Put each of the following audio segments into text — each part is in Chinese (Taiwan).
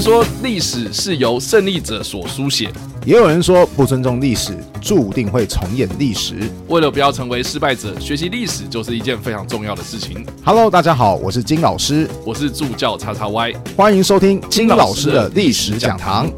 說歷史是由勝利者所書寫，也有人說不尊重歷史，注定會重演歷史。為了不要成為失敗者，學習歷史就是一件非常重要的事情。Hello，大家好，我是金老師，我是助教叉叉 Y，歡迎收聽金老師的歷史講堂。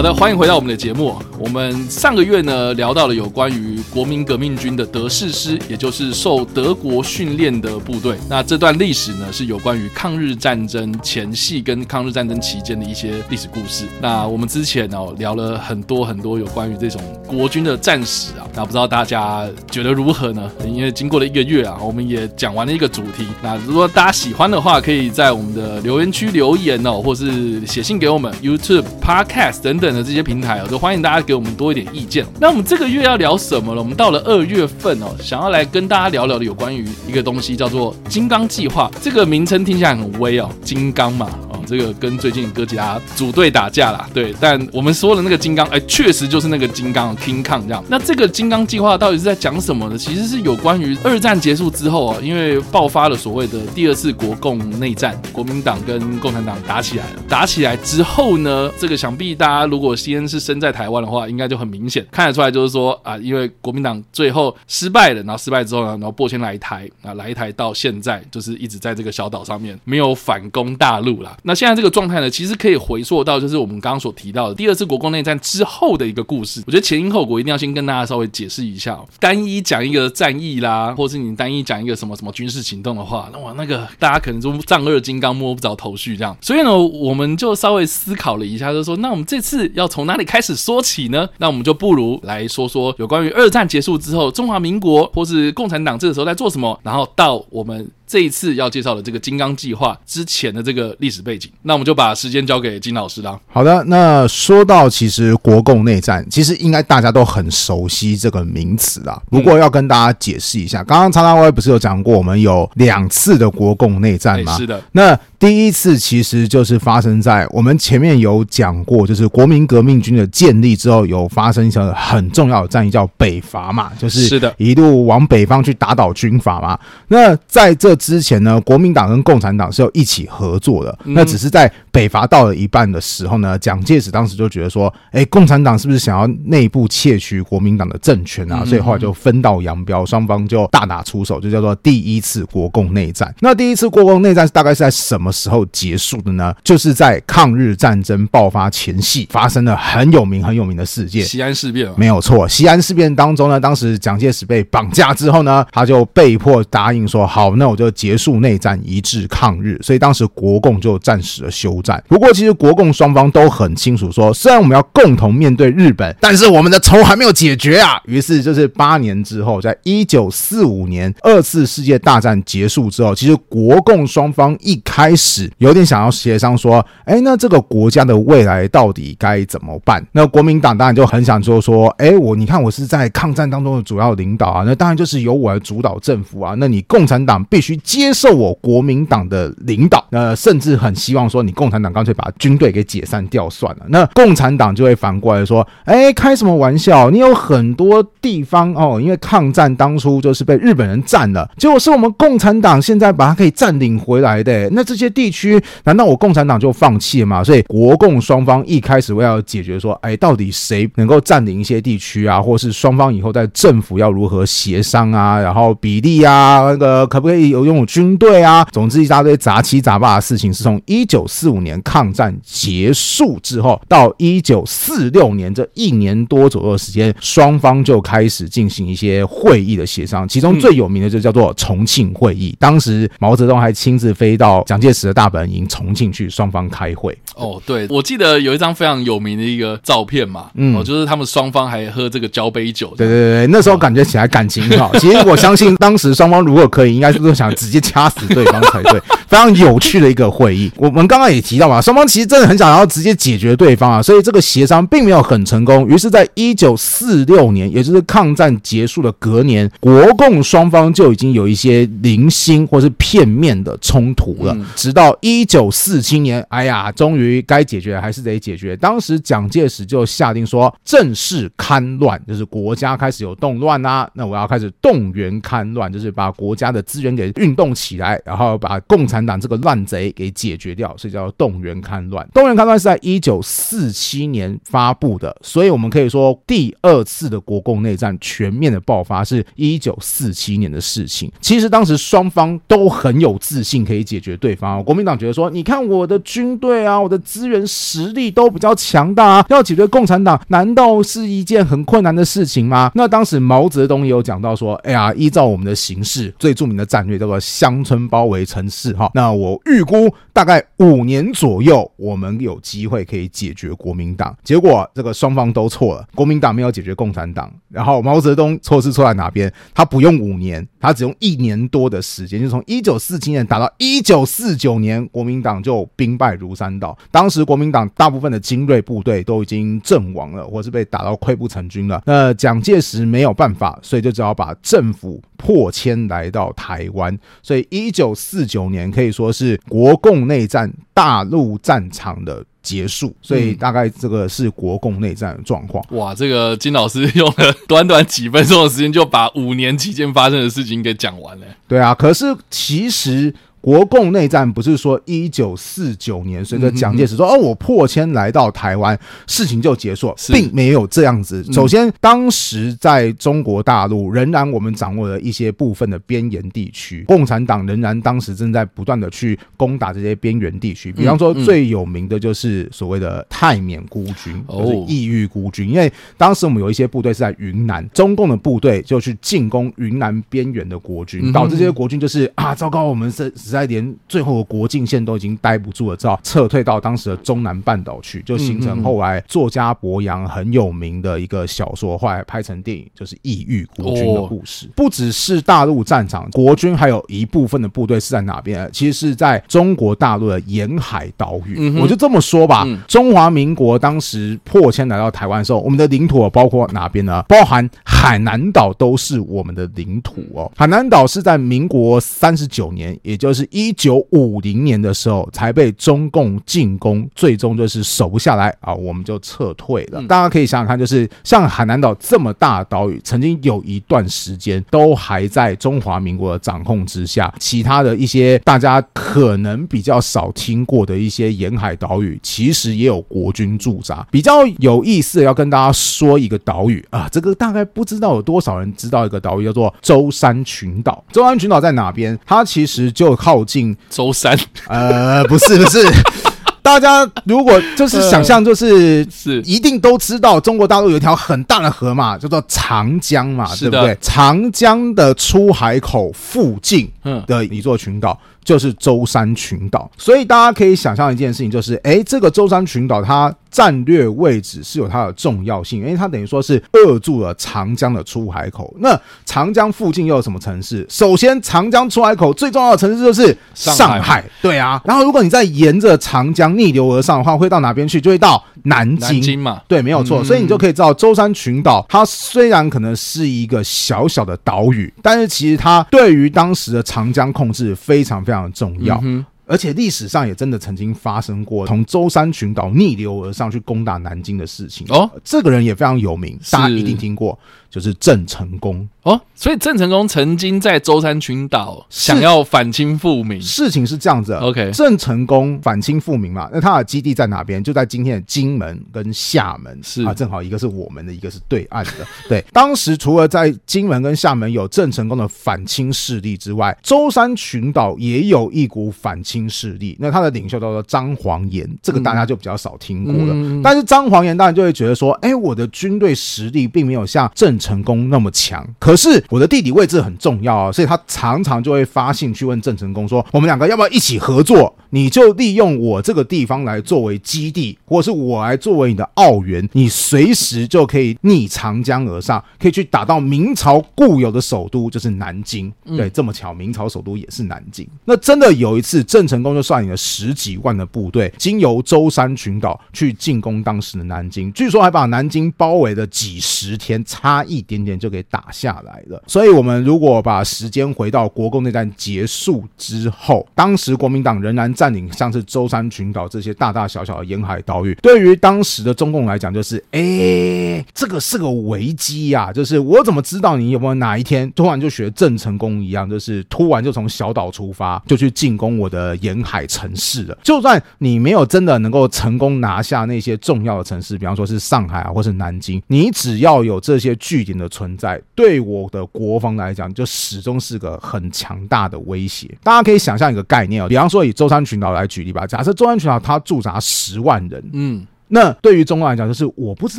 好的，歡迎回到我們的節目。我們上個月呢聊到了有關於國民革命軍的德式師，也就是受德國訓練的部隊。那這段歷史呢是有關於抗日戰爭前夕跟抗日戰爭期間的一些歷史故事。那我們之前哦聊了很多很多有關於這種國軍的戰史啊，那不知道大家覺得如何呢？因為經過了一個月啊，我們也講完了一個主題。那如果大家喜歡的話，可以在我們的留言區留言哦，或是寫信給我們 YouTube、Podcast 等等。這些平台哦，就歡迎大家給我們多一點意見。那我們這個月要聊什麼呢？我們到了二月份哦，想要來跟大家聊聊的有關於一個東西，叫做“金剛計劃”。這個名稱聽起來很威哦，金剛嘛。這個跟最近哥吉拉組隊打架啦，對，但我們說的那個金剛，哎，確實就是那個金剛 King Kong 這樣。那這個金剛計劃到底是在講什麼呢？其實是有關於二戰結束之後啊，因為爆發了所謂的第二次國共內戰，國民黨跟共產黨打起來了。打起來之後呢，這個想必大家如果先是身在台灣的話，應該就很明顯看得出來，就是說啊，因為國民黨最後失敗了，然後失敗之後呢，然後播遷來台啊，來台到現在就是一直在這個小島上面，沒有反攻大陸啦。那現在這個狀態呢，其實可以回溯到就是我們剛剛所提到的第二次國共內戰之後的一個故事。我覺得前因後果一定要先跟大家稍微解釋一下哦。單一講一個戰役啦，或是你單一講一個什麼什麼軍事行動的話，那我那個大家可能就丈二金剛摸不着頭緒這樣。所以呢，我們就稍微思考了一下就是，就說那我們這次要從哪裡開始說起呢？那我們就不如來說說有關於二戰結束之後中華民國或是共產黨這個時候在做什麼，然後到我們。這一次要介紹的這個“金剛計劃”之前的這個歷史背景，那我們就把時間交給金老師了。好的，那說到其實國共內戰，其實應該大家都很熟悉這個名詞啦。不過要跟大家解釋一下，嗯、剛剛常大衛不是有講過，我們有兩次的國共內戰嗎？哎、是的，那。第一次其實就是發生在我們前面有講過，就是國民革命軍的建立之後，有發生一場很重要的戰役，叫北伐嘛，就是一路往北方去打倒軍閥嘛。那在這之前呢，國民黨跟共產黨是要一起合作的，那只是在，北伐到了一半的時候呢，蔣介石當時就覺得說，哎，共產黨是不是想要內部竊取國民黨的政權啊？所以後來就分道揚鑣，雙方就大打出手，就叫做第一次國共內戰。那第一次國共內戰是大概是在什麼時候結束的呢？就是在抗日戰爭爆發前夕，發生了很有名很有名的事件——西安事變。沒有錯，西安事變當中呢，當時蔣介石被綁架之後呢，他就被迫答應說，好，那我就結束內戰，一致抗日。所以當時國共就暫時的休。戰。不過，其實國共雙方都很清楚說，說雖然我們要共同面對日本，但是我們的仇還沒有解決啊。於是就是八年之後，在一九四五年，二次世界大戰結束之後，其實國共雙方一開始有點想要協商，說，哎，那這個國家的未來到底該怎麼辦？那國民黨當然就很想說，說，哎，我你看我是在抗戰當中的主要領導啊，那當然就是由我來主導政府啊，那你共產黨必須接受我國民黨的領導，那甚至很希望說你共。共產黨乾脆把軍隊給解散掉算了。那共產黨就會反過來說：“哎、欸，開什麼玩笑？你有很多地方哦，因為抗戰當初就是被日本人占了，結果是我們共產黨現在把它可以占領回來的、欸。那這些地區，難道我共產黨就放棄了嗎？所以國共雙方一開始為要解決說：哎、欸，到底誰能夠占領一些地區啊？或是雙方以後在政府要如何協商啊？然後比例啊，那個可不可以有擁有軍隊啊？總之一大堆雜七雜八的事情，是從一九四五。年抗戰結束之後，到一九四六年這一年多左右的時間，雙方就開始進行一些會議的協商。其中最有名的就叫做重慶會議，嗯、當時毛澤東還親自飛到蔣介石的大本營重慶去，雙方開會。哦，對，我記得有一張非常有名的一個照片嘛，嗯、哦，就是他們雙方還喝這個交杯酒。對對對，那時候感覺起來感情很好，哦、 其實我相信當時雙方如果可以，應該是不是想直接掐死對方才對。 非常有趣的一個會議，我們剛剛也。提到嘛，雙方其實真的很想要直接解決對方啊，所以這個協商並沒有很成功。於是，在一九四六年，也就是抗戰結束的隔年，國共雙方就已經有一些零星或是片面的衝突了。直到一九四七年，哎呀，終於該解決還是得解決。當時蔣介石就下定說，正式戡亂，就是國家開始有動亂啦、啊，那我要開始動員戡亂，就是把國家的資源給運動起來，然後把共產黨這個亂賊給解決掉，所以叫。動員戡亂，動員戡亂是在一九四七年發布的，所以我們可以說，第二次的國共內戰全面的爆發是一九四七年的事情。其實當時雙方都很有自信，可以解決對方哦。國民黨覺得說，你看我的軍隊啊，我的資源實力都比較強大啊，要解決共產黨，難道是一件很困難的事情嗎？那當時毛澤東也有講到說，哎呀，依照我們的形勢，最著名的戰略叫做“鄉村包圍城市”哈。那我預估大概五年左右，我們有機會可以解決國民黨。結果這個雙方都錯了，國民黨沒有解決共產黨。然後毛澤東錯是錯在哪邊？他不用五年，他只用一年多的時間，就從一九四七年，打到一九四九年，國民黨就兵敗如山倒。當時國民黨大部分的精銳部隊都已經陣亡了，或是被打到潰不成軍了、呃。那蔣介石沒有辦法，所以就只好把政府播遷來到台灣。所以一九四九年可以說是國共內戰大入戰場的結束，所以大概這個是國共內戰的狀況。嗯，哇，這個金老師用了短短幾分鐘的時間，就把五年期間發生的事情給講完了，欸。對啊，可是其實。國共內戰不是說一九四九年，隨着蔣介石說、嗯、哼哦，我播遷來到台灣，事情就結束，並沒有這樣子。嗯、首先，當時在中國大陸仍然我們掌握了一些部分的邊沿地區，共產黨仍然當時正在不斷的去攻打這些邊緣地區。比方說，最有名的就是所謂的泰緬孤軍，哦，是異域孤軍。因為當時我們有一些部隊是在雲南，中共的部隊就去進攻雲南邊緣的國軍，導致這些國軍就是、嗯、哼啊，糟糕，我們是。實在連最後的國境線都已經待不住了，只好撤退到當時的中南半島去，就形成後來作家柏楊很有名的一個小說，後來拍成電影，就是《異域國軍》的故事。不只是大陸戰場，國軍還有一部分的部隊是在哪邊？其實是在中國大陸的沿海島嶼。我就這麼說吧，中華民國當時播遷來到台灣的時候，我們的領土包括哪邊呢？包含海南島都是我們的領土哦。海南島是在民國三十九年，也就是是一九五零年的時候，才被中共進攻，最終就是守不下來啊，我們就撤退了。嗯、大家可以想想看，就是像海南島這麼大的島嶼，曾經有一段時間都還在中華民國的掌控之下。其他的一些大家可能比較少聽過的一些沿海島嶼，其實也有國軍駐紮。比較有意思，要跟大家說一個島嶼啊，這個大概不知道有多少人知道一個島嶼，叫做舟山群島。舟山群島在哪邊？它其實就靠。靠近舟山？周三 呃，不是不是， 大家如果就是想象，就是是一定都知道，中國大陸有一條很大的河嘛，叫做長江嘛，是的 對不對？長江的出海口附近，嗯的，一座群島。嗯就是舟山群島，所以大家可以想象一件事情，就是誒、欸，這個舟山群島它戰略位置是有它的重要性，因為它等於說是扼住了長江的出海口。那長江附近又有什麼城市？首先，長江出海口最重要的城市就是上海，對啊。然後，如果你在沿着長江逆流而上的話，會到哪邊去？就會到。南京，南京嘛，對，沒有錯。嗯，所以你就可以知道，舟山群島它雖然可能是一個小小的島嶼，但是其實它對於當時的長江控制非常非常重要。而且歷史上也真的曾經發生過從舟山群島逆流而上去攻打南京的事情。哦，這個人也非常有名，大家一定聽過，就是鄭成功。哦，所以鄭成功曾經在舟山群島想要反清復明。事情是這樣子的，OK，鄭成功反清復明嘛，那他的基地在哪邊？就在今天的金門跟廈門，是啊，正好一個是我們的，一個是對岸的。 對，當時除了在金門跟廈門有鄭成功的反清勢力之外，舟山群島也有一股反清勢力。那他的領袖叫做張煌言，這個大家就比較少聽過了。嗯、但是張煌言當然就會覺得說，哎、欸，我的軍隊實力並沒有像鄭成功那麼強。可是我的地理位置很重要啊，所以他常常就會發信去問鄭成功說：“我們兩個要不要一起合作？你就利用我這個地方來作為基地，或者是我來作為你的奧援，你隨時就可以逆長江而上，可以去打到明朝固有的首都，就是南京。嗯、對，這麼巧，明朝首都也是南京。那真的有一次，鄭成功就率領了十幾萬的部隊，經由舟山群島去進攻當時的南京，據說還把南京包圍了幾十天，差一點點就給打下了。”來了，所以，我們如果把時間回到國共內戰結束之後，當時國民黨仍然佔領像是舟山群島這些大大小小的沿海島嶼。對於當時的中共來講，就是，哎，這個是個危機呀，就是我怎麼知道你有沒有哪一天突然就學鄭成功一樣，就是突然就從小島出發就去進攻我的沿海城市了？就算你沒有真的能夠成功拿下那些重要的城市，比方說是上海啊，或是南京，你只要有這些據點的存在，對。我的國防來講，就始終是個很強大的威脅。大家可以想象一個概念，哦，比方說以舟山群島來舉例吧。假設舟山群島它駐紮十萬人，嗯。那對於中共來講，就是我不知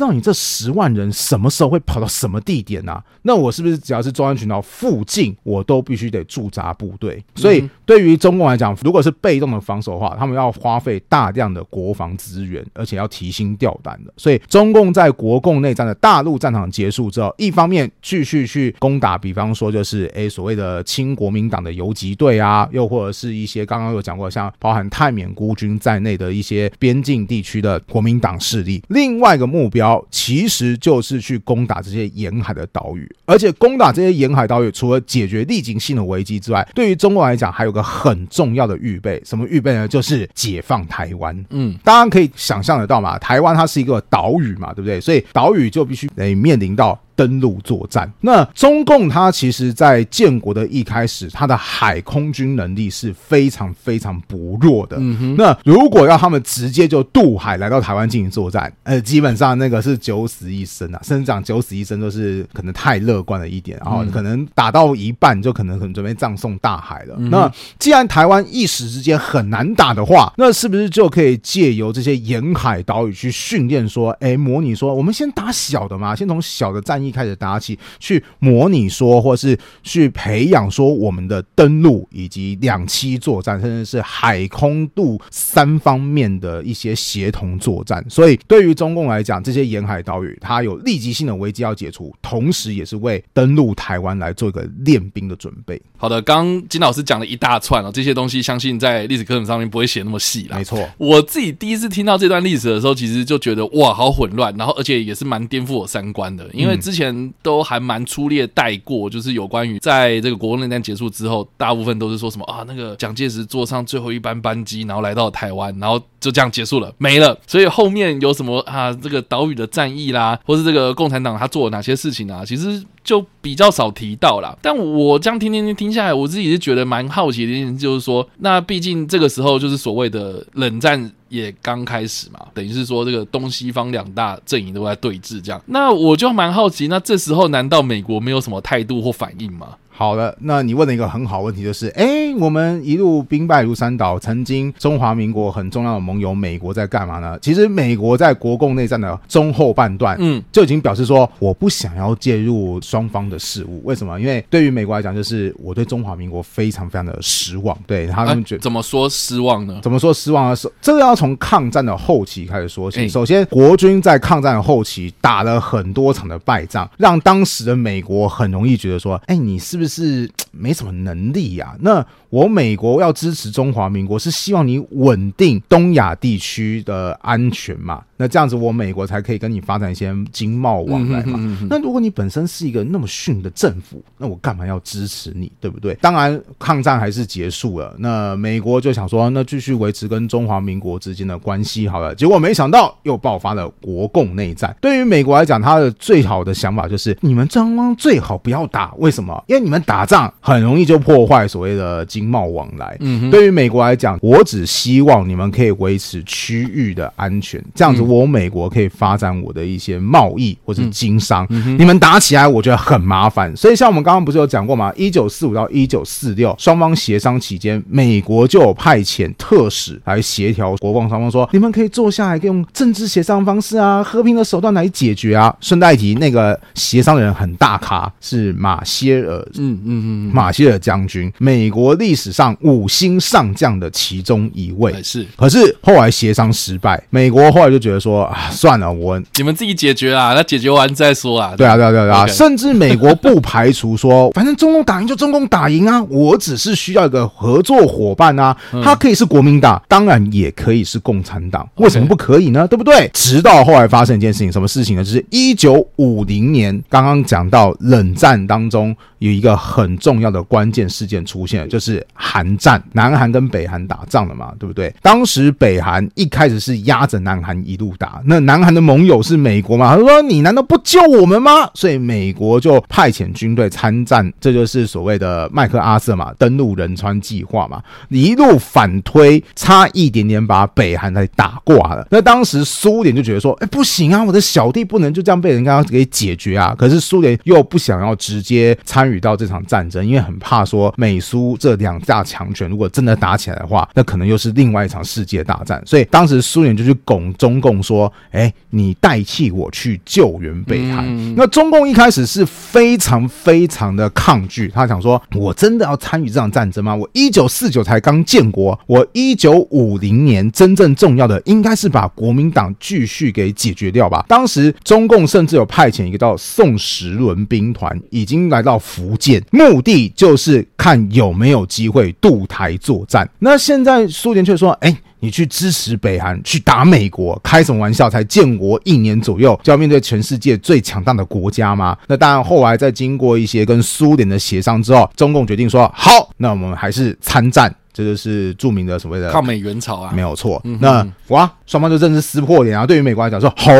道你這十萬人什麼時候會跑到什麼地點吶、啊？那我是不是只要是舟山群島附近，我都必須得駐紮部隊？所以對於中共來講，如果是被動的防守的話，他們要花費大量的國防資源，而且要提心吊膽的。所以中共在國共內戰的大陸戰場結束之後，一方面繼續去攻打，比方說就是誒所謂的親國民黨的游擊隊啊，又或者是一些剛剛有講過，像包含泰緬孤軍在內的一些邊境地區的國民。黨勢力，另外一個目標其實就是去攻打這些沿海的島嶼，而且攻打這些沿海島嶼，除了解決立即性的危機之外，對於中國來講，還有個很重要的預備，什麼預備呢？就是解放台灣。嗯，大家可以想象得到嘛，台灣它是一個島嶼嘛，對不對？所以島嶼就必須得面臨到。登陸作戰，那中共它其實，在建國的一開始，它的海空軍能力是非常非常薄弱的。嗯哼，那如果要他們直接就渡海來到台灣進行作戰，呃，基本上那個是九死一生啊，甚至講九死一生，都是可能太樂觀了一點，然、哦、後、嗯、可能打到一半就可能可能準備葬送大海了。嗯、哼那既然台灣一時之間很難打的話，那是不是就可以借由這些沿海島嶼去訓練，說，哎、欸，模擬說，我們先打小的嘛，先從小的戰。一開始打起去模擬說，或是去培養說我們的登陸以及兩棲作戰，甚至是海空陸三方面的一些協同作戰。所以對於中共來講，這些沿海島嶼它有立即性的危機要解除，同時也是為登陸台灣來做一個練兵的準備。好的，剛金老師講了一大串了，喔，這些東西相信在歷史課本上面不會寫那麼細啦。沒錯錯，我自己第一次聽到這段歷史的時候，其實就覺得哇，好混亂，然後而且也是蠻顛覆我三觀的，因為、嗯之前都還蠻粗略帶過，就是有關於在這個國共內戰結束之後，大部分都是說什麼啊，那個蔣介石坐上最後一班班機，然後來到了台灣，然後就這樣結束了，沒了。所以後面有什麼啊，這個島嶼的戰役啦，或是這個共產黨他做了哪些事情啊，其實。就比較少提到啦，但我這樣聽聽聽聽下來，我自己是覺得蠻好奇的一件事，就是說，那畢竟這個時候就是所謂的冷戰也剛開始嘛，等於是說這個東西方兩大陣營都在對峙這樣。那我就蠻好奇，那這時候難道美國沒有什麼態度或反應嗎？好的，那你問了一個很好問題，就是哎，我們一路兵敗如山倒，曾經中華民國很重要的盟友美國在幹嘛呢？其實美國在國共內戰的中後半段，嗯，就已經表示說我不想要介入雙方的事務。為什麼？因為對於美國來講，就是我對中華民國非常非常的失望。對，他們覺得，哎，怎麼說失望呢？怎麼說失望呢？是這個要從抗戰的後期開始說起。首先，國軍在抗戰的後期打了很多場的敗仗，讓當時的美國很容易覺得說，哎，你是不是？就是沒什麼能力呀，那。我美國要支持中華民國，是希望你穩定東亞地區的安全嘛？那這樣子，我美國才可以跟你發展一些經貿往來嘛？嗯哼嗯哼，那如果你本身是一個那麼遜的政府，那我幹嘛要支持你，對不對？當然，抗戰還是結束了，那美國就想說，那繼續維持跟中華民國之間的關係好了。結果沒想到又爆發了國共內戰。對於美國來講，他的最好的想法就是你們雙方最好不要打。為什麼？因為你們打仗很容易就破壞所謂的經。經貿往來，嗯哼，對於美國來講，我只希望你們可以維持區域的安全，這樣子我美國可以發展我的一些貿易或者經商。嗯、哼你們打起來，我覺得很麻煩。所以像我們剛剛不是有講過嗎？一九四五到一九四六，雙方協商期間，美國就有派遣特使來協調國共雙方說，說你們可以坐下來，用政治協商方式啊，和平的手段來解決啊。順帶一提，那個協商的人很大咖，是馬歇爾，嗯嗯嗯，嗯馬歇爾將軍，美國立。歷史上五星上將的其中一位是。可是後來協商失敗，美國後來就覺得說啊，算了，我你們自己解決啊，那解決完再說啊。對啊，對啊，對啊，啊、Okay 甚至美國不排除說，反正中共打贏就中共打贏啊，我只是需要一個合作夥伴啊，他可以是國民黨，當然也可以是共產黨，為什麼不可以呢？對不對？直到後來發生一件事情，什麼事情呢？就是一九五零年，剛剛講到冷戰當中有一個很重要的關鍵事件出現，就是。韓戰，南韓跟北韓打仗了嘛，對不對？當時北韓一開始是壓着南韓一路打，那南韓的盟友是美國嘛，他說：“你難道不救我們嗎？”所以美國就派遣軍隊參戰，這就是所謂的麥克阿瑟嘛，登陸仁川計劃嘛，一路反推，差一點點把北韓來打掛了。那當時蘇聯就覺得說：“哎，不行啊，我的小弟不能就這樣被人家給解決啊！”可是蘇聯又不想要直接參與到這場戰爭，因為很怕說美蘇這兩。架強權，如果真的打起來的話，那可能又是另外一場世界大戰。所以當時蘇聯就去拱中共說：“哎、欸，你代替我去救援北韓。嗯”那中共一開始是非常非常的抗拒，他想說：“我真的要參與這場戰爭嗎？我一九四九才剛建國，我一九五零年真正重要的應該是把國民黨繼續給解決掉吧。”當時中共甚至有派遣一個叫宋時輪兵團，已經來到福建，目的就是看有沒有。機會渡台作戰，那現在蘇聯卻說：“哎，你去支持北韓，去打美國，開什麼玩笑？才建國一年左右，就要面對全世界最強大的國家嗎？”那當然，後來在經過一些跟蘇聯的協商之後，中共決定說：“好，那我們還是參戰。”這就是著名的所謂的抗美援朝啊，沒有錯。嗯、哼 那哇，雙方就正式撕破臉啊。對於美國來講說、oh，說：“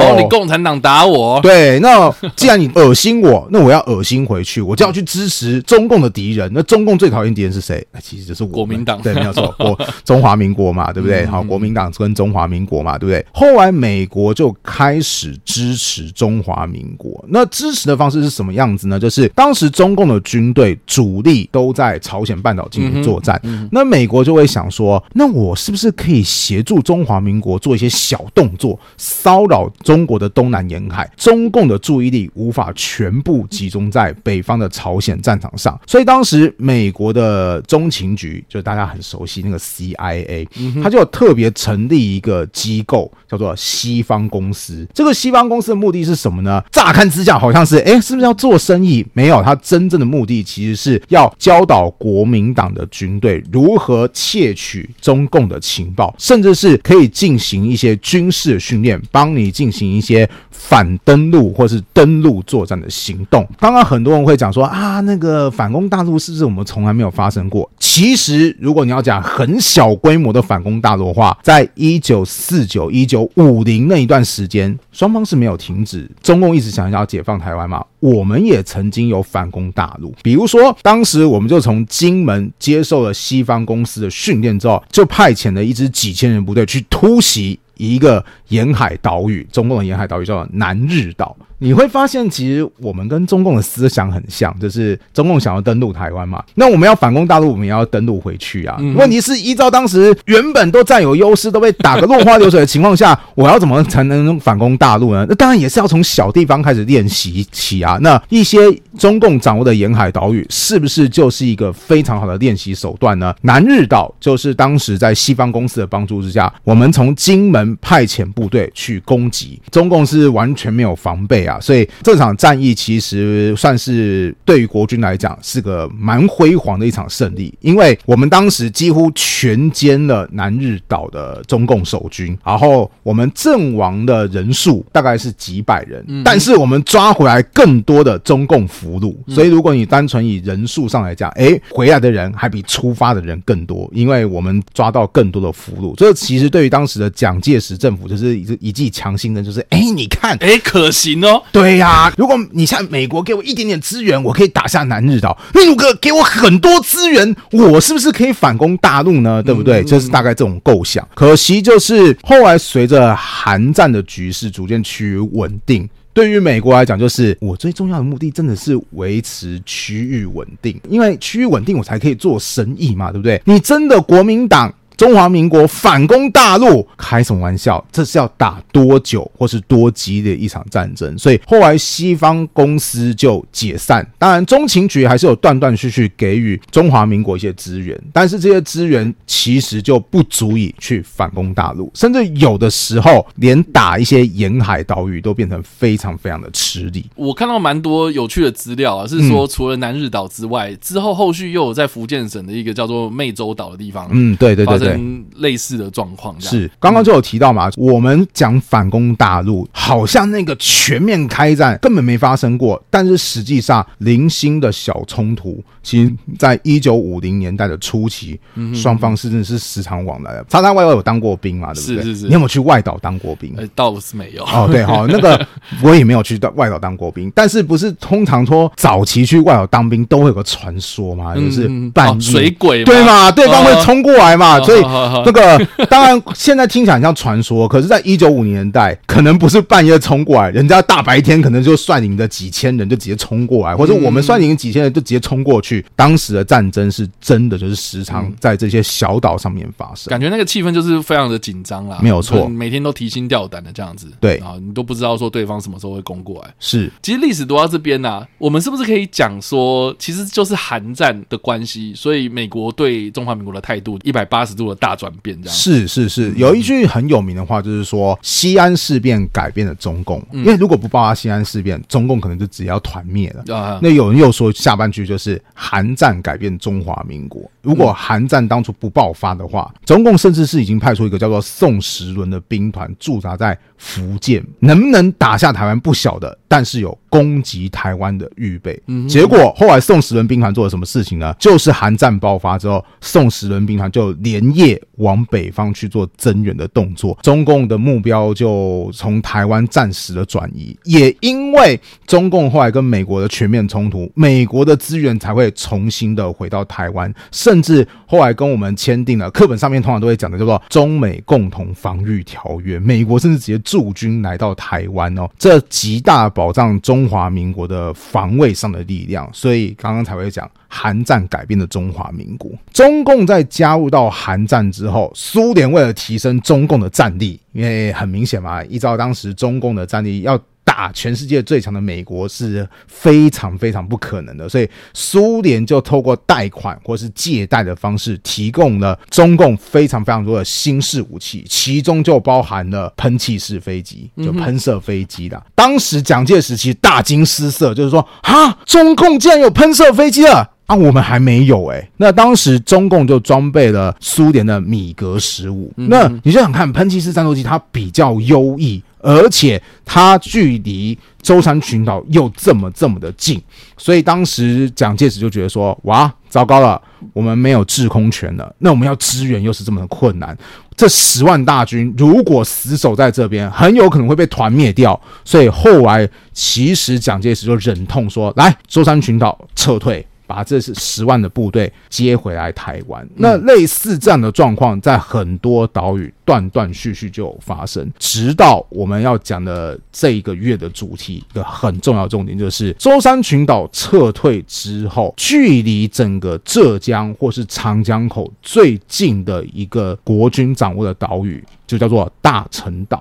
哦，你共產黨打我，對。那既然你噁心我，那我要噁心回去，我就要去支持中共的敵人。嗯、那中共最討厭敵人是誰？哎、其實就是我國民黨，對，沒有錯，國中華民國嘛，對不對？嗯、哼 好，國民黨跟中華民國嘛，對不對？後來美國就開始支持中華民國。那支持的方式是什麼樣子呢？就是當時中共的軍隊主力都在朝鮮半島進行做。嗯戰，那美國就會想說，那我是不是可以協助中華民國做一些小動作，騷擾中國的東南沿海？中共的注意力無法全部集中在北方的朝鮮戰場上，所以當時美國的中情局，就是大家很熟悉那個 CIA，他就特別成立一個機構，叫做西方公司。這個西方公司的目的是什麼呢？乍看之下好像是，哎、欸，是不是要做生意？沒有，他真正的目的其實是要教導國民黨的軍。軍隊如何竊取中共的情報，甚至是可以進行一些軍事訓練，幫你進行一些反登陸或是登陸作戰的行動。剛剛很多人會講說啊，那個反攻大陸是不是我們從來沒有發生過？其實，如果你要講很小規模的反攻大陸的話，在一九四九、一九五零那一段時間，雙方是沒有停止，中共一直想要解放台灣嘛。我們也曾經有反攻大陸，比如說，當時我們就從金門接受了西方公司的訓練之後，就派遣了一支幾千人部隊去突襲一個沿海島嶼，中共的沿海島嶼叫做南日島。你會發現，其實我們跟中共的思想很像，就是中共想要登陸台灣嘛，那我們要反攻大陸，我們也要登陸回去啊。問題是，依照當時原本都占有優勢，都被打得落花流水的情況下，我要怎麼才能反攻大陸呢？那當然也是要從小地方開始練習起啊。那一些中共掌握的沿海島嶼，是不是就是一個非常好的練習手段呢？南日島就是當時在西方公司的幫助之下，我們從金門派遣部隊去攻擊，中共是完全沒有防備啊。所以這場戰役其實算是對於國軍來講是個蠻輝煌的一場勝利，因為我們當時幾乎全殲了南日島的中共守軍，然後我們陣亡的人數大概是幾百人，但是我們抓回來更多的中共俘虜。所以如果你單純以人數上來講，哎，回來的人還比出發的人更多，因為我們抓到更多的俘虜。這其實對於當時的蔣介石政府就是一劑強心針，就是哎、欸，你看，哎，可行哦。對呀、啊，如果你像美國給我一點點資源，我可以打下南日島；那如果給我很多資源，我是不是可以反攻大陸呢？對不對？就是大概這種構想。嗯嗯嗯。可惜就是後來隨着韓戰的局勢逐漸趨於穩定，對於美國來講，就是我最重要的目的真的是維持區域穩定，因為區域穩定我才可以做生意嘛，對不對？你真的國民黨？中華民國反攻大陸，開什麼玩笑？這是要打多久或是多激烈的一場戰爭？所以後來西方公司就解散。當然，中情局還是有斷斷續續給予中華民國一些資源，但是這些資源其實就不足以去反攻大陸，甚至有的時候連打一些沿海島嶼都變成非常非常的吃力。我看到蠻多有趣的資料，啊，是說除了南日島之外，嗯、之後後續又有在福建省的一個叫做湄洲島的地方。嗯，對對對。類似的狀況是，剛剛就有提到嘛，我們講反攻大陸，好像那個全面開戰根本沒發生過，但是實際上零星的小衝突，其實在一九五零年代的初期，雙方甚至是時常往來的，常常外外有當過兵嘛，對不對？是是是，你有沒有去外島當過兵？倒不是沒有哦，對哈，那個我也沒有去到外島當過兵，但是不是通常說早期去外島當兵都會有個傳說嘛，就是半夜水鬼對嘛，對方會衝過來嘛，所以。這、 那個當然，現在聽起來很像傳說，可是，在一九五零年代，可能不是半夜衝過來，人家大白天可能就率領着幾千人就直接衝過來，或者我們率領幾千人就直接衝過去。當時的戰爭是真的，就是時常在這些小島上面發生，感覺那個氣氛就是非常的緊張啦，沒有錯，每天都提心吊膽的這樣子，對啊，你都不知道說對方什麼時候會攻過來。是，其實歷史讀到這邊呢、啊，我們是不是可以講說，其實就是韓戰的關係，所以美國對中華民國的態度一百八十度。大轉變。是是是，有一句很有名的話，就是說西安事變改變了中共，因為如果不爆發西安事變，中共可能就直接要團滅了。那有人又說下半句就是韓戰改變中華民國，如果韓戰當初不爆發的話，中共甚至是已經派出一個叫做宋時輪的兵團駐紮在。福建能不能打下台灣不曉得，但是有攻擊台灣的預備。結果後來宋時輪兵團做了什麼事情呢？就是韓戰爆發之後，宋時輪兵團就連夜往北方去做增援的動作。中共的目標就從台灣暫時的轉移，也因為中共後來跟美國的全面衝突，美國的資源才會重新的回到台灣，甚至後來跟我們簽訂了課本上面通常都會講的叫做《中美共同防禦條約》，美國甚至直接。駐軍來到台灣哦，這極大保障中華民國的防衛上的力量，所以剛剛才會講韓戰改變了中華民國。中共在加入到韓戰之後，蘇聯為了提升中共的戰力，因為很明顯嘛，依照當時中共的戰力要。打全世界最強的美國是非常非常不可能的，所以蘇聯就透過貸款或是借貸的方式，提供了中共非常非常多的新式武器，其中就包含了噴氣式飛機，就噴射飛機啦。當時蔣介石其實大驚失色，就是說，哈，中共竟然有噴射飛機了，啊，我們還沒有欸。那當時中共就裝備了蘇聯的米格十五。那你就想看噴氣式戰鬥機，它比較優異。而且它距離舟山群島又這麼這麼的近，所以當時蔣介石就覺得說：“哇，糟糕了，我們沒有制空權了，那我們要支援又是這麼的困難。這十萬大軍如果死守在這邊，很有可能會被團滅掉。所以後來其實蔣介石就忍痛說：‘來，舟山群島撤退，把這次十萬的部隊接回來台灣。’那類似這樣的狀況，在很多島嶼。”斷斷續續就發生，直到我們要講的這一個月的主題的很重要重點就是舟山群島撤退之後，距離整個浙江或是長江口最近的一個國軍掌握的島嶼，就叫做大陳島。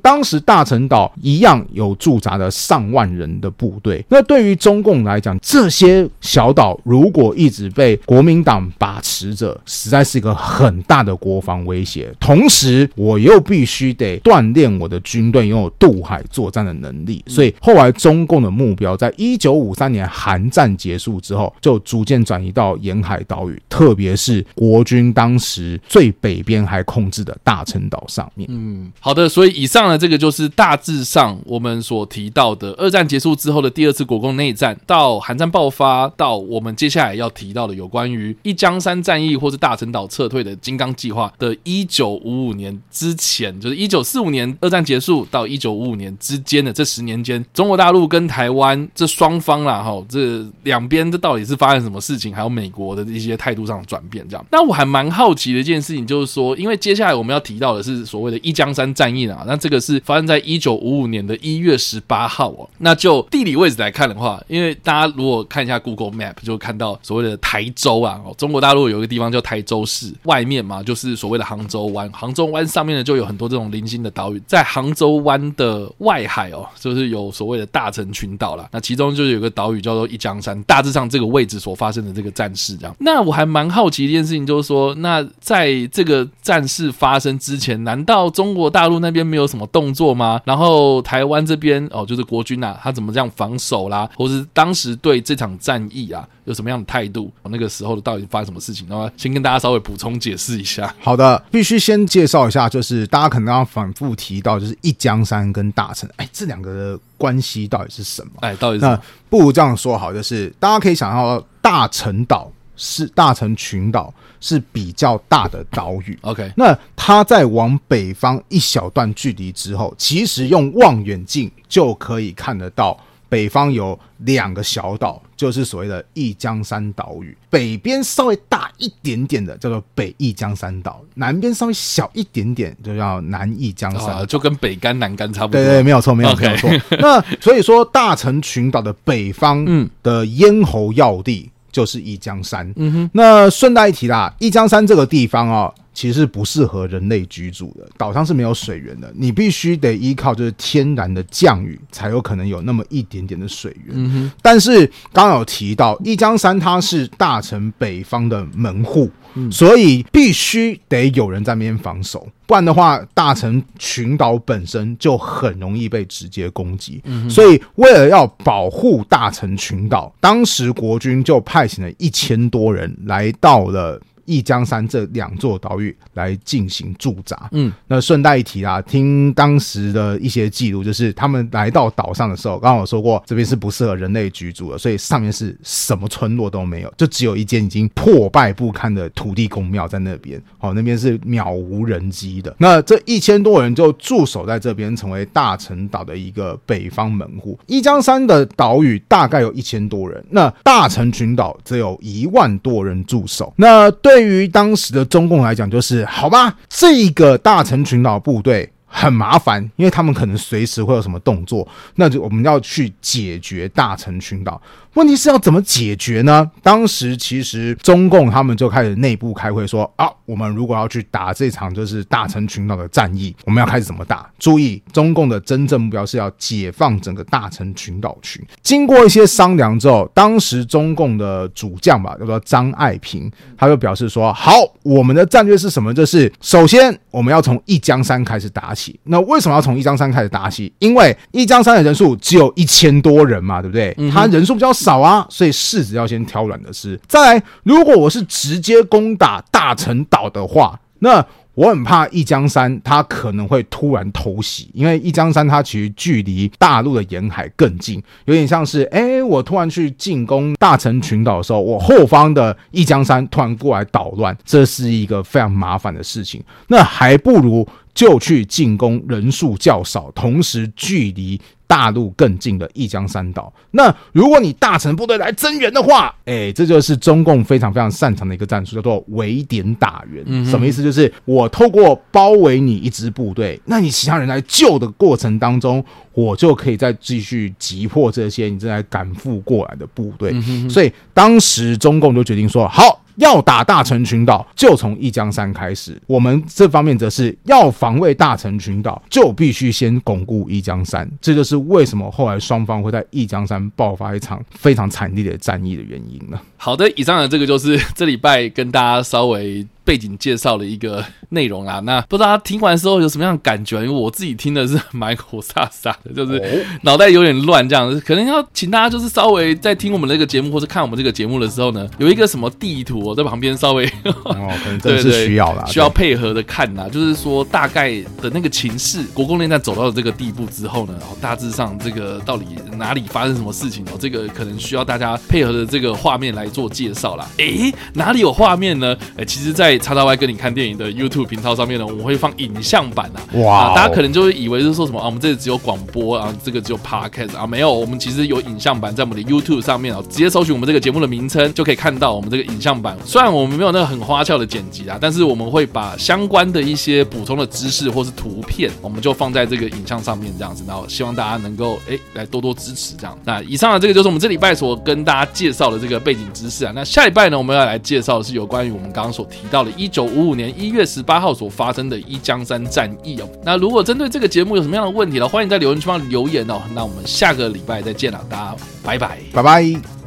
當時大陳島一樣有駐扎的上萬人的部隊。那對於中共來講，這些小島如果一直被國民黨把持着，實在是一個很大的國防威脅。同時，時，我又必須得鍛鍊我的軍隊擁有渡海作戰的能力，所以後來中共的目標，在一九五三年韓戰結束之後，就逐漸轉移到沿海島嶼，特別是國軍當時最北邊還控制的大陳島上面。嗯，好的，所以以上呢，這個就是大致上我們所提到的，二戰結束之後的第二次國共內戰，到韓戰爆發，到我們接下來要提到的有關於一江山戰役或是大陳島撤退的“金剛計劃”的一九五五。五年之前就是一九四五年，二戰結束到一九五五年之間的這十年間，中國大陸跟台灣這雙方啦，哈，這兩邊這到底是發生什麼事情？還有美國的一些態度上的轉變，這樣。那我還蠻好奇的一件事情，就是說，因為接下來我們要提到的是所謂的“一江山戰役”啊，那這個是發生在一九五五年的一月十八號哦、啊。那就地理位置來看的話，因為大家如果看一下 Google Map，就看到所謂的台州啊，中國大陸有一個地方叫台州市，外面嘛就是所謂的杭州灣，杭州。灣上面呢，就有很多這種零星的島嶼，在杭州灣的外海哦，就是有所謂的大陳群島了。那其中就是有個島嶼叫做一江山，大致上這個位置所發生的這個戰事這樣。那我還蠻好奇一件事情，就是說，那在這個戰事發生之前，難道中國大陸那邊沒有什麼動作嗎？然後台灣這邊哦，就是國軍吶、啊，他怎麼這樣防守啦，或是當時對這場戰役啊？有什麼樣的態度？那個時候到底發生什麼事情？那麼先跟大家稍微補充解釋一下。好的，必須先介紹一下，就是大家可能要反覆提到，就是一江山跟大陳。哎、欸，這兩個的關係到底是什麼？哎、欸，到底是什麼？那不如這樣說好，就是大家可以想到大陳島是大陳群島是比較大的島嶼。OK，那它在往北方一小段距離之後，其實用望遠鏡就可以看得到北方有兩個小島。就是所謂的一江山島嶼，北邊稍微大一點點的叫做北一江山島，南邊稍微小一點點就叫南一江山，哦、就跟北竿南竿差不多。對對，沒有錯，沒有，Okay. 沒有錯。那所以說，大陳群島的北方的咽喉要地就是一江山。嗯哼，那順帶一提啦，一江山這個地方哦。其實不適合人類居住的，島上是沒有水源的，你必須得依靠就是天然的降雨，才有可能有那麼一點點的水源。嗯、哼但是剛，剛有提到，一江山它是大陳北方的門戶，嗯、所以必須得有人在那邊防守，不然的話，大陳群島本身就很容易被直接攻擊。嗯、哼所以為了要保護大陳群島，當時國軍就派遣了一千多人來到了一江山這兩座島嶼來進行駐紮，嗯，那順帶一提啊，聽當時的一些記錄，就是他們來到島上的時候，剛剛我說過，這邊是不適合人類居住的，所以上面是什麼村落都沒有，就只有一間已經破敗不堪的土地公廟在那邊。好、哦，那邊是渺無人煙的。那這一千多人就駐守在這邊，成為大陳島的一個北方門戶。一江山的島嶼大概有一千多人，那大陳群島則有一萬多人駐守。那對。對於當時的中共來講，就是好吧，這個大陳群島部隊很麻煩，因為他們可能隨時會有什麼動作，那就我們要去解決大陳群島。問題是要怎麼解決呢？當時其實中共他們就開始內部開會說啊，我們如果要去打這場就是大陳群島的戰役，我們要開始怎麼打？注意，中共的真正目標是要解放整個大陳群島群。經過一些商量之後，當時中共的主將吧，叫做張愛萍，他就表示說：“好，我們的戰略是什麼？就是首先我們要從一江山開始打起。那為什麼要從一江山開始打起？因為一江山的人數只有一千多人嘛，對不對？嗯哼。他人數比較少。”少啊，所以柿子要先挑軟的吃。再來，如果我是直接攻打大陳島的話，那我很怕一江山，他可能會突然偷襲，因為一江山它其實距離大陸的沿海更近，有點像是，誒、欸，我突然去進攻大陳群島的時候，我後方的一江山突然過來搗亂，這是一個非常麻煩的事情。那還不如。就去進攻人數較少，同時距離大陸更近的一江山島。那如果你大陳部隊來增援的話，哎、欸，這就是中共非常非常擅長的一個戰術，叫做圍點打援。嗯、哼什麼意思？就是我透過包圍你一支部隊，那你其他人來救的過程當中，我就可以再繼續擊破這些你正在趕赴過來的部隊。嗯、哼哼，所以當時中共就決定說好。要打大陳群島，就從一江山開始。我們這方面則是要防衛大陳群島，就必須先鞏固一江山。這就是為什麼後來雙方會在一江山爆發一場非常慘烈的戰役的原因呢？好的，以上的這個就是這禮拜跟大家稍微。背景介紹的一個內容啦、啊，那不知道大家聽完之後有什麼樣的感覺？因為我自己聽的是滿口沙沙的，就是腦袋有點亂，這樣子。可能要請大家就是稍微在聽我們這個節目或者看我們這個節目的時候呢，有一個什麼地圖哦，在旁邊稍微哦，可能真的是需要啦對對對，需要配合的看啦、啊。就是說大概的那個情勢，國共內戰走到了這個地步之後呢，哦、大致上這個到底哪裡發生什麼事情哦？這個可能需要大家配合的這個畫面來做介紹啦。誒、欸，哪裡有畫面呢？哎、欸，其實，在插到外跟你看電影的 YouTube 頻道上面呢，我們會放影像版啊。哇！大家可能就會以為是說什麼啊，我們這裡只有廣播，啊，這個只有 Podcast 啊，沒有。我們其實有影像版在我們的 YouTube 上面啊，直接搜尋我們這個節目的名稱就可以看到我們這個影像版。雖然我們沒有那個很花俏的剪輯啊，但是我們會把相關的一些補充的知識或是圖片，我們就放在這個影像上面這樣子。然後希望大家能夠哎來多多支持這樣。那以上的、啊、這個就是我們這禮拜所跟大家介紹的這個背景知識啊。那下禮拜呢，我們要來介紹的是有關於我們剛剛所提到。到了一九五五年一月十八號所發生的一江山戰役哦。那如果針對這個節目有什麼樣的問題呢？歡迎在留言區方留言哦。那我們下個禮拜再見了，大家拜拜拜拜。